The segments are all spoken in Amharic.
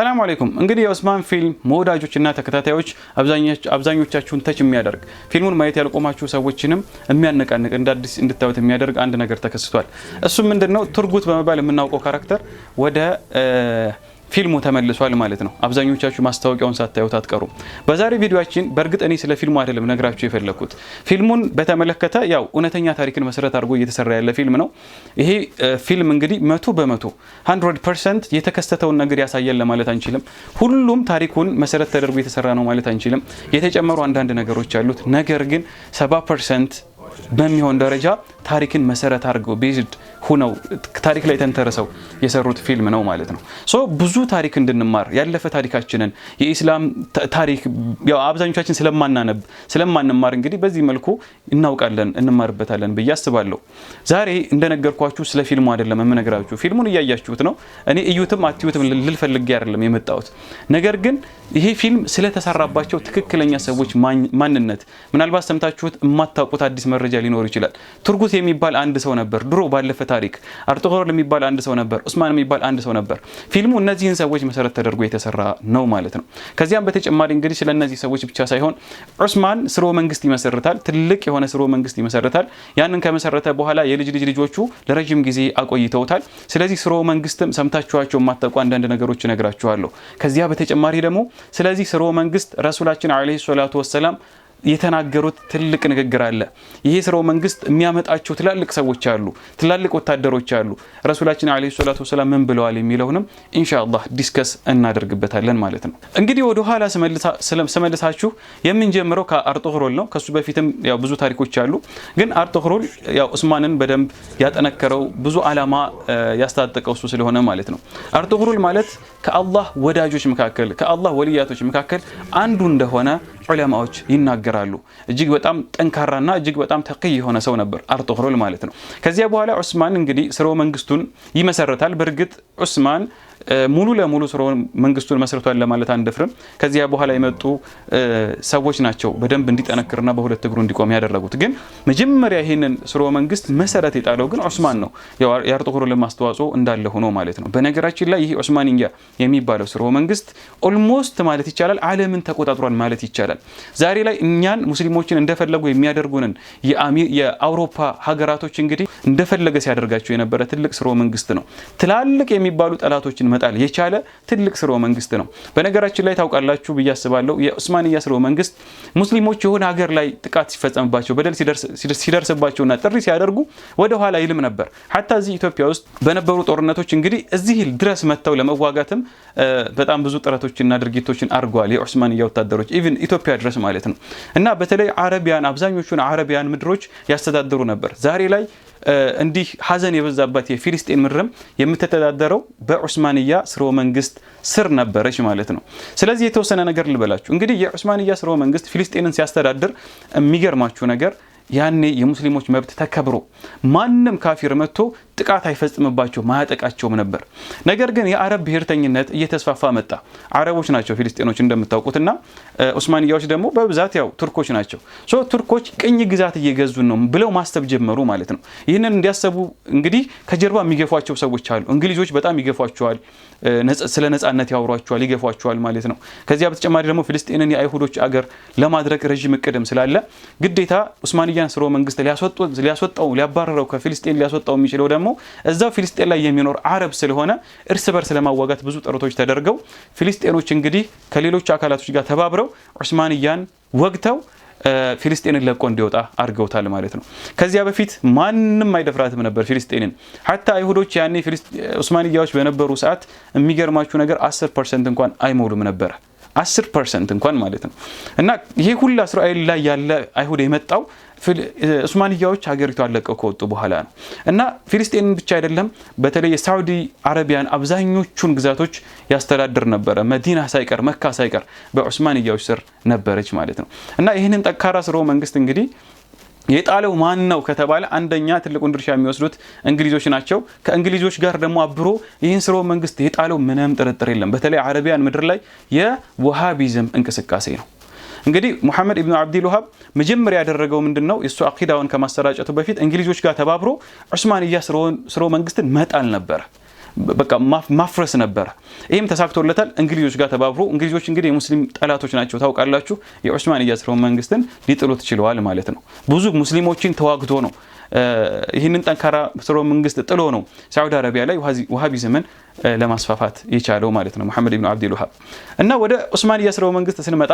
ሰላም አለይኩም። እንግዲህ የኦስማን ፊልም መወዳጆችና ተከታታዮች አብዛኞቻችሁን ተች የሚያደርግ ፊልሙን ማየት ያልቆማችሁ ሰዎችንም የሚያነቃንቅ እንደ አዲስ እንድታዩት የሚያደርግ አንድ ነገር ተከስቷል። እሱም ምንድን ነው? ቱርጉት በመባል የምናውቀው ካራክተር ወደ ፊልሙ ተመልሷል ማለት ነው። አብዛኞቻችሁ ማስታወቂያውን ሳታዩት አትቀሩም። በዛሬ ቪዲዮችን በእርግጥ እኔ ስለ ፊልሙ አይደለም ነግራችሁ የፈለግኩት ፊልሙን በተመለከተ ያው እውነተኛ ታሪክን መሰረት አድርጎ እየተሰራ ያለ ፊልም ነው። ይሄ ፊልም እንግዲህ መቶ በመቶ ሀንድረድ ፐርሰንት የተከሰተውን ነገር ያሳያል ለማለት አንችልም። ሁሉም ታሪኩን መሰረት ተደርጎ የተሰራ ነው ማለት አንችልም። የተጨመሩ አንዳንድ ነገሮች አሉት። ነገር ግን ሰባ ፐርሰንት በሚሆን ደረጃ ታሪክን መሰረት አድርገው ቤዝድ ሁነው ታሪክ ላይ ተንተርሰው የሰሩት ፊልም ነው ማለት ነው። ሶ ብዙ ታሪክ እንድንማር ያለፈ ታሪካችንን የኢስላም ታሪክ አብዛኞቻችን ስለማናነብ ስለማንማር እንግዲህ በዚህ መልኩ እናውቃለን እንማርበታለን ብዬ አስባለሁ። ዛሬ እንደነገርኳችሁ ስለ ፊልሙ አይደለም የምነግራችሁ። ፊልሙን እያያችሁት ነው። እኔ እዩትም አትዩትም ልልፈልጌ አይደለም የመጣሁት። ነገር ግን ይሄ ፊልም ስለተሰራባቸው ትክክለኛ ሰዎች ማንነት ምናልባት ሰምታችሁት የማታውቁት አዲስ መረጃ ሊኖር ይችላል። ቱርጉት የሚባል አንድ ሰው ነበር ድሮ ባለፈ ታሪክ። አርቶሆር የሚባል አንድ ሰው ነበር፣ ኡስማን የሚባል አንድ ሰው ነበር። ፊልሙ እነዚህን ሰዎች መሰረት ተደርጎ የተሰራ ነው ማለት ነው። ከዚያም በተጨማሪ እንግዲህ ስለ እነዚህ ሰዎች ብቻ ሳይሆን ዑስማን ስርወ መንግስት ይመሰርታል። ትልቅ የሆነ ስርወ መንግስት ይመሰርታል። ያንን ከመሰረተ በኋላ የልጅ ልጅ ልጆቹ ለረዥም ጊዜ አቆይተውታል። ስለዚህ ስርወ መንግስትም ሰምታችኋቸው የማታውቁ አንዳንድ ነገሮች እነግራችኋለሁ። ከዚያ በተጨማሪ ደግሞ ስለዚህ ስርወ መንግስት ረሱላችን ዓለይሂ ሰላቱ ወሰላም የተናገሩት ትልቅ ንግግር አለ። ይሄ ስራው መንግስት የሚያመጣቸው ትላልቅ ሰዎች አሉ፣ ትላልቅ ወታደሮች አሉ። ረሱላችን ዓለይሂ ሰላቱ ወሰላም ምን ብለዋል የሚለውንም ኢንሻአላህ ዲስከስ እናደርግበታለን ማለት ነው። እንግዲህ ወደ ኋላ ስመልሳችሁ የምንጀምረው ከአርጦክሮል ነው። ከሱ በፊትም ያው ብዙ ታሪኮች አሉ፣ ግን አርጦክሮል ያው ኡስማንን በደንብ ያጠነከረው ብዙ አላማ ያስታጠቀው እሱ ስለሆነ ማለት ነው። አርጦክሮል ማለት ከአላህ ወዳጆች መካከል ከአላህ ወልያቶች መካከል አንዱ እንደሆነ ዑለማዎች ይናገራሉ። እጅግ በጣም ጠንካራና እጅግ በጣም ተቅይ የሆነ ሰው ነበር አርጦክሮል ማለት ነው። ከዚያ በኋላ ዑስማን እንግዲህ ስርወ መንግስቱን ይመሰረታል። በእርግጥ ዑስማን ሙሉ ለሙሉ ስርወ መንግስቱን መስርቷል ለማለት አንደፍርም። ከዚያ በኋላ የመጡ ሰዎች ናቸው በደንብ እንዲጠነክርና በሁለት እግሩ እንዲቆም ያደረጉት። ግን መጀመሪያ ይህንን ስሮ መንግስት መሰረት የጣለው ግን ዑስማን ነው። የአርጡግሩልን አስተዋጽኦ እንዳለ ሆኖ ማለት ነው። በነገራችን ላይ ይህ ዑስማንያ የሚባለው ስሮ መንግስት ኦልሞስት ማለት ይቻላል አለምን ተቆጣጥሯል ማለት ይቻላል። ዛሬ ላይ እኛን ሙስሊሞችን እንደፈለጉ የሚያደርጉንን የአውሮፓ ሀገራቶች እንግዲህ እንደፈለገ ሲያደርጋቸው የነበረ ትልቅ ስሮ መንግስት ነው። ትላልቅ የሚባሉ ጠላቶችን መጣል የቻለ ትልቅ ስርወ መንግስት ነው። በነገራችን ላይ ታውቃላችሁ ብዬ አስባለሁ የዑስማንያ ስርወ መንግስት ሙስሊሞች የሆነ ሀገር ላይ ጥቃት ሲፈጸምባቸው፣ በደል ሲደርስባቸውና ጥሪ ሲያደርጉ ወደኋላ ይልም ነበር። ሀታ እዚህ ኢትዮጵያ ውስጥ በነበሩ ጦርነቶች እንግዲህ እዚህ ድረስ መጥተው ለመዋጋትም በጣም ብዙ ጥረቶችና ድርጊቶችን አድርገዋል የዑስማንያ ወታደሮች ኢቭን ኢትዮጵያ ድረስ ማለት ነው እና በተለይ አረቢያን አብዛኞቹን አረቢያን ምድሮች ያስተዳድሩ ነበር ዛሬ ላይ እንዲህ ሀዘን የበዛባት የፊልስጤን ምድርም የምትተዳደረው በዑስማንያ ስርወ መንግስት ስር ነበረች ማለት ነው። ስለዚህ የተወሰነ ነገር ልበላችሁ። እንግዲህ የዑስማንያ ስርወ መንግስት ፊልስጤንን ሲያስተዳድር የሚገርማችሁ ነገር ያኔ የሙስሊሞች መብት ተከብሮ ማንም ካፊር መጥቶ ጥቃት አይፈጽምባቸው ማያጠቃቸውም ነበር። ነገር ግን የአረብ ብሔርተኝነት እየተስፋፋ መጣ። አረቦች ናቸው ፊልስጤኖች እንደምታውቁትና ኡስማንያዎች ደግሞ በብዛት ያው ቱርኮች ናቸው። ሶ ቱርኮች ቅኝ ግዛት እየገዙን ነው ብለው ማሰብ ጀመሩ ማለት ነው። ይህንን እንዲያሰቡ እንግዲህ ከጀርባ የሚገፏቸው ሰዎች አሉ። እንግሊዞች በጣም ይገፏቸዋል፣ ስለ ነጻነት ያወሯቸዋል፣ ይገፏቸዋል ማለት ነው። ከዚያ በተጨማሪ ደግሞ ፊልስጤንን የአይሁዶች አገር ለማድረግ ረዥም እቅድም ስላለ ግዴታ ኡስማንያን ስርወ መንግስት ሊያስወጣው ሊያባረረው ከፊልስጤን ሊያስወጣው የሚችለው ደግሞ እዛው ፊልስጤን ላይ የሚኖር አረብ ስለሆነ እርስ በርስ ለማዋጋት ብዙ ጥረቶች ተደርገው ፊልስጤኖች እንግዲህ ከሌሎች አካላቶች ጋር ተባብረው ዑስማንያን ወግተው ፊልስጤንን ለቆ እንዲወጣ አድርገውታል ማለት ነው። ከዚያ በፊት ማንም አይደፍራትም ነበር ፊልስጤንን። ሀታ አይሁዶች ያኔ ዑስማንያዎች በነበሩ ሰዓት የሚገርማችሁ ነገር 10 ፐርሰንት እንኳን አይሞሉም ነበረ። አስር ፐርሰንት እንኳን ማለት ነው። እና ይሄ ሁላ እስራኤል ላይ ያለ አይሁድ የመጣው ኡስማንያዎች ሀገሪቱ አለቀው ከወጡ በኋላ ነው። እና ፊልስጤንን ብቻ አይደለም፣ በተለይ የሳውዲ አረቢያን አብዛኞቹን ግዛቶች ያስተዳድር ነበረ። መዲና ሳይቀር መካ ሳይቀር በዑስማንያዎች ስር ነበረች ማለት ነው። እና ይህንን ጠንካራ ስርወ መንግስት እንግዲህ የጣለው ማን ነው ከተባለ አንደኛ ትልቁን ድርሻ የሚወስዱት እንግሊዞች ናቸው። ከእንግሊዞች ጋር ደግሞ አብሮ ይህን ስርወ መንግስት የጣለው ምንም ጥርጥር የለም። በተለይ አረቢያን ምድር ላይ የወሃቢዝም እንቅስቃሴ ነው። እንግዲህ ሙሐመድ ኢብኑ አብዲል ውሃብ መጀመሪያ ያደረገው ምንድን ነው? የእሱ አቂዳውን ከማሰራጨቱ በፊት እንግሊዞች ጋር ተባብሮ ዑስማንያ ስርወ መንግስትን መጣል ነበረ። በቃ ማፍረስ ነበረ። ይህም ተሳክቶለታል። እንግሊዞች ጋር ተባብሮ እንግሊዞች እንግዲህ የሙስሊም ጠላቶች ናቸው ታውቃላችሁ። የዑስማን ስርወ መንግስትን ሊጥሉት ችለዋል ማለት ነው። ብዙ ሙስሊሞችን ተዋግቶ ነው ይህንን ጠንካራ ስርወ መንግስት ጥሎ ነው ሳዑዲ አረቢያ ላይ ውሃቢዝምን ለማስፋፋት የቻለው ማለት ነው መሐመድ ብኑ አብዲል ውሃብ እና ወደ ኦስማንያ ስርወ መንግስት ስንመጣ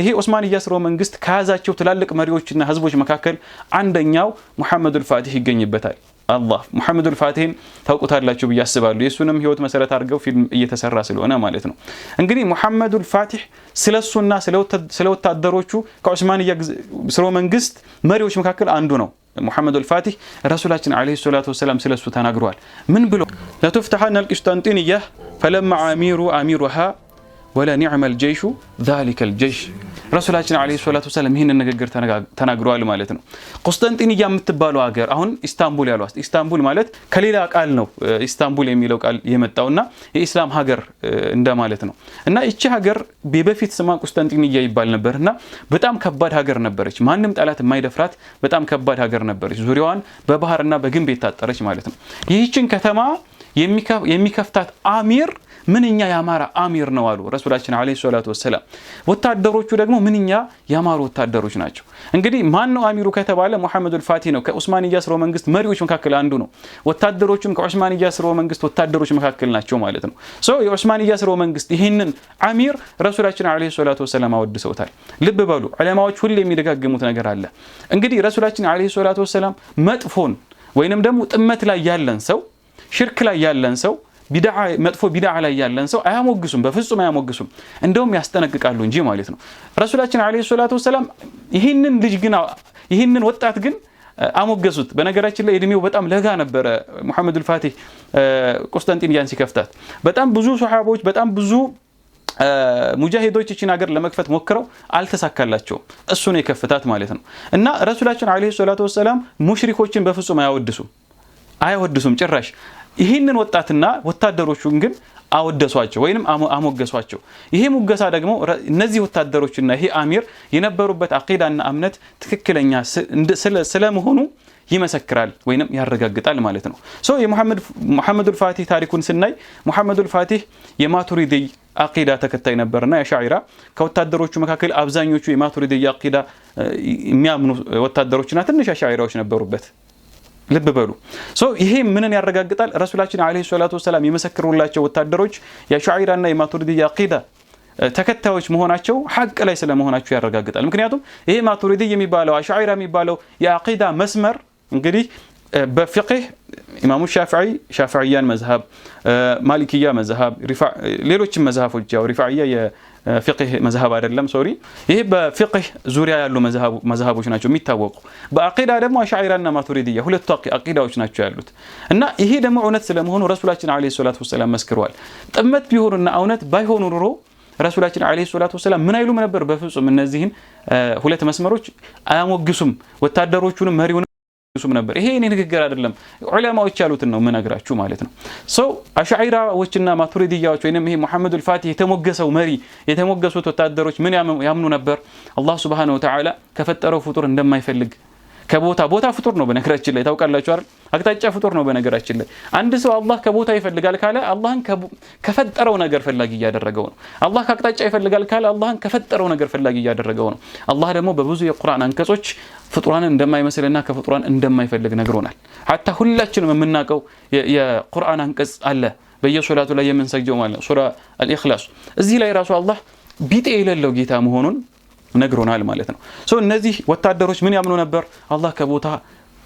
ይሄ ኦስማንያ ስርወ መንግስት ከያዛቸው ትላልቅ መሪዎችና ህዝቦች መካከል አንደኛው ሙሐመዱል ፋቲህ ይገኝበታል። አላህ ሙሐመዱል ፋቲህን ታውቁታላችሁ ብዬ አስባለሁ። የእሱንም ህይወት መሰረት አድርገው ፊልም እየተሰራ ስለሆነ ማለት ነው። እንግዲህ ሙሐመዱል ፋቲህ ስለ እሱና ስለ ወታደሮቹ ከዑስማንያ ስርወ መንግስት መሪዎች መካከል አንዱ ነው። ሙሐመዱል ፋቲህ ረሱላችን ዓለይሂ ሰላቱ ወሰላም ስለ እሱ ተናግረዋል። ምን ብሎ ለቱፍተሐና አልቂስጣንጢንያ ፈለማ አሚሩ አሚሩሃ ወለኒዕመል ጀይሹ ዛሊከል ጀይሽ ረሱላችን ዓለይሂ ሰላቱ ወሰላም ይህንን ንግግር ተናግረዋል ማለት ነው። ቆስጠንጢንያ የምትባለው ሀገር አሁን ኢስታንቡል ያሏት ኢስታንቡል ማለት ከሌላ ቃል ነው ኢስታንቡል የሚለው ቃል የመጣውና የኢስላም ሀገር እንደማለት ነው እና ይቺ ሀገር በፊት ስማ ቁስጠንጢንያ ይባል ነበር እና በጣም ከባድ ሀገር ነበረች። ማንም ጠላት የማይደፍራት በጣም ከባድ ሀገር ነበረች። ዙሪያዋን በባህርና በግንብ የታጠረች ማለት ነው። ይህችን ከተማ የሚከፍታት አሚር ምንኛ ያማረ አሚር ነው አሉ ረሱላችን ዓለይሂ ሰላቱ ወሰላም። ወታደሮቹ ደግሞ ምንኛ ያማሩ ወታደሮች ናቸው። እንግዲህ ማን ነው አሚሩ ከተባለ ሙሐመዱል ፋቲ ነው። ከዑስማንያ ስርወ መንግስት መሪዎች መካከል አንዱ ነው። ወታደሮቹም ከዑስማንያ ስርወ መንግስት ወታደሮች መካከል ናቸው ማለት ነው። የዑስማንያ ስርወ መንግስት ይህንን አሚር ረሱላችን ዓለይሂ ሰላቱ ወሰላም አወድሰውታል። ልብ በሉ ዕለማዎች ሁሌ የሚደጋግሙት ነገር አለ። እንግዲህ ረሱላችን ዓለይሂ ሰላቱ ወሰላም መጥፎን ወይንም ደግሞ ጥመት ላይ ያለን ሰው ሽርክ ላይ ያለን ሰው መጥፎ ቢድዓ ላይ ያለን ሰው አያሞግሱም፣ በፍጹም አያሞግሱም። እንደውም ያስጠነቅቃሉ እንጂ ማለት ነው። ረሱላችን ዓለይሂ ሰላቱ ወሰላም ይህንን ልጅ ግን ይህንን ወጣት ግን አሞገሱት። በነገራችን ላይ እድሜው በጣም ለጋ ነበረ። ሙሐመድ ልፋቲህ ቁስጠንጢንያን ሲከፍታት በጣም ብዙ ሰሓቦች በጣም ብዙ ሙጃሂዶች እችን ሀገር ለመክፈት ሞክረው አልተሳካላቸውም። ነው የከፍታት ማለት ነው። እና ረሱላችን ዓለይሂ ሰላቱ ወሰላም ሙሽሪኮችን በፍጹም አያወድሱም አያወድሱም ጭራሽ ይህንን ወጣትና ወታደሮቹን ግን አወደሷቸው ወይም አሞገሷቸው። ይሄ ሙገሳ ደግሞ እነዚህ ወታደሮችና ይሄ አሚር የነበሩበት አቂዳና እምነት ትክክለኛ ስለመሆኑ ይመሰክራል ወይም ያረጋግጣል ማለት ነው። ሶ የሙሐመዱል ፋቲህ ታሪኩን ስናይ ሙሐመዱል ፋቲህ የማቱሪዲ አቂዳ ተከታይ ነበርና የሻዒራ ከወታደሮቹ መካከል አብዛኞቹ የማቱሪዲ አቂዳ የሚያምኑ ወታደሮችና ትንሽ የሻዒራዎች ነበሩበት። ልብ በሉ ይሄ ምንን ያረጋግጣል? ረሱላችን ዓለይሂ ሰላቱ ወሰላም የመሰክሩላቸው ወታደሮች የሻዒራና የማቱሪድያ አቂዳ ተከታዮች መሆናቸው ሐቅ ላይ ስለመሆናቸው ያረጋግጣል። ምክንያቱም ይሄ ማቱሪዲ የሚባለው አሻዒራ የሚባለው የአቂዳ መስመር እንግዲህ በፍቅህ ኢማሙ ሻፍዒ ሻፍዕያን መዝሀብ፣ ማሊክያ መዝሀብ፣ ሌሎችም መዝሀፎች ያው ሪፋዕያ ፊቅህ መዝሀብ አይደለም ሶሪ ይሄ በፊቅህ ዙሪያ ያሉ መዝሀቦች ናቸው የሚታወቁ በአቂዳ ደግሞ አሻዒራና ማቱሪድያ ሁለቱ አቂዳዎች ናቸው ያሉት እና ይሄ ደግሞ እውነት ስለመሆኑ ረሱላችን ዓለይሂ ሰላቱ ወሰላም መስክረዋል ጥመት ቢሆኑና እውነት ባይሆኑ ኑሮ ረሱላችን ዓለይሂ ሰላቱ ወሰላም ምን አይሉም ነበር በፍጹም እነዚህን ሁለት መስመሮች አያሞግሱም ወታደሮቹንም መሪውን ሱም ነበር። ይሄ እኔ ንግግር አይደለም፣ ዑለማዎች ያሉትን ነው የምነግራችሁ ማለት ነው። ሰው አሻዒራዎችና ማቱሪድያዎች ወይም ይሄ ሙሐመድ ፋቲህ የተሞገሰው መሪ የተሞገሱት ወታደሮች ምን ያምኑ ነበር? አላህ ሱብሓነሁ ወተዓላ ከፈጠረው ፍጡር እንደማይፈልግ ከቦታ ቦታ ፍጡር ነው በነገራችን ላይ ታውቃላችሁ አይደል? አቅጣጫ ፍጡር ነው በነገራችን ላይ። አንድ ሰው አላህ ከቦታ ይፈልጋል ካለ አላህን ከፈጠረው ነገር ፈላጊ እያደረገው ነው። አላህ ከአቅጣጫ ይፈልጋል ካለ አላህን ከፈጠረው ነገር ፈላጊ እያደረገው ነው። አላህ ደግሞ በብዙ የቁርአን አንቀጾች ፍጡራንን እንደማይመስልና ከፍጡራን እንደማይፈልግ ነግሮናል። ሀታ ሁላችንም የምናውቀው የቁርአን አንቀጽ አለ በየሶላቱ ላይ የምንሰግጀው ማለት ነው። ሱራ አልኢኽላስ እዚህ ላይ ራሱ አላህ ቢጤ የሌለው ጌታ መሆኑን ነግሮናል ማለት ነው። እነዚህ ወታደሮች ምን ያምኑ ነበር? አላህ ከቦታ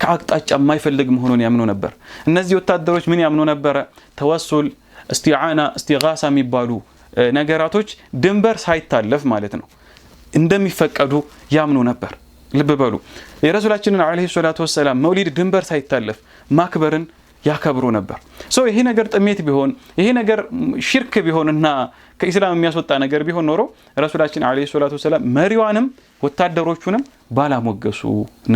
ከአቅጣጫ የማይፈልግ መሆኑን ያምኑ ነበር። እነዚህ ወታደሮች ምን ያምኑ ነበረ? ተወሱል፣ እስቲዓና፣ እስቲጋሳ የሚባሉ ነገራቶች ድንበር ሳይታለፍ ማለት ነው እንደሚፈቀዱ ያምኑ ነበር። ልብ በሉ የረሱላችንን ዓለይሂ ሰላቱ ወሰላም መውሊድ ድንበር ሳይታለፍ ማክበርን ያከብሩ ነበር። ይሄ ነገር ጥሜት ቢሆን ይሄ ነገር ሽርክ ቢሆንና ከኢስላም የሚያስወጣ ነገር ቢሆን ኖሮ ረሱላችን ዓለይሂ ሰላቱ ወሰላም መሪዋንም ወታደሮቹንም ባላሞገሱ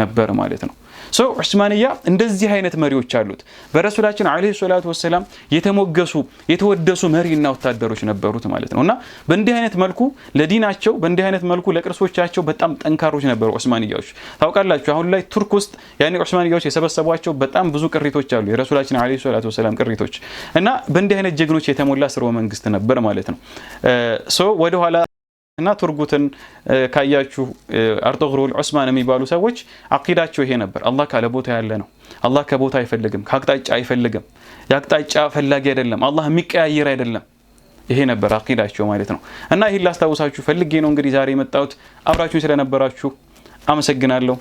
ነበር ማለት ነው። ሰው ዑስማንያ እንደዚህ አይነት መሪዎች አሉት። በረሱላችን ዓለይሂ ሰላቱ ወሰላም የተሞገሱ የተወደሱ መሪና ወታደሮች ነበሩት ማለት ነው እና በእንዲህ አይነት መልኩ ለዲናቸው በእንዲህ አይነት መልኩ ለቅርሶቻቸው በጣም ጠንካሮች ነበሩ ዑስማንያዎች። ታውቃላችሁ አሁን ላይ ቱርክ ውስጥ ያኔ ዑስማንያዎች የሰበሰቧቸው በጣም ብዙ ቅሪቶች አሉ፣ የረሱላችን ዓለይሂ ሰላቱ ወሰላም ቅሪቶች እና በእንዲህ አይነት ጀግኖች የተሞላ ስርወ መንግስት ነበር ማለት ነው። ሶ ወደኋላ እና ቱርጉትን ካያችሁ አርጦግሩል ዑስማን የሚባሉ ሰዎች አቂዳቸው ይሄ ነበር። አላህ ካለ ቦታ ያለ ነው። አላህ ከቦታ አይፈልግም፣ ከአቅጣጫ አይፈልግም። የአቅጣጫ ፈላጊ አይደለም። አላህ የሚቀያየር አይደለም። ይሄ ነበር አቂዳቸው ማለት ነው። እና ይህን ላስታውሳችሁ ፈልጌ ነው እንግዲህ ዛሬ የመጣሁት። አብራችሁን ስለነበራችሁ አመሰግናለሁ።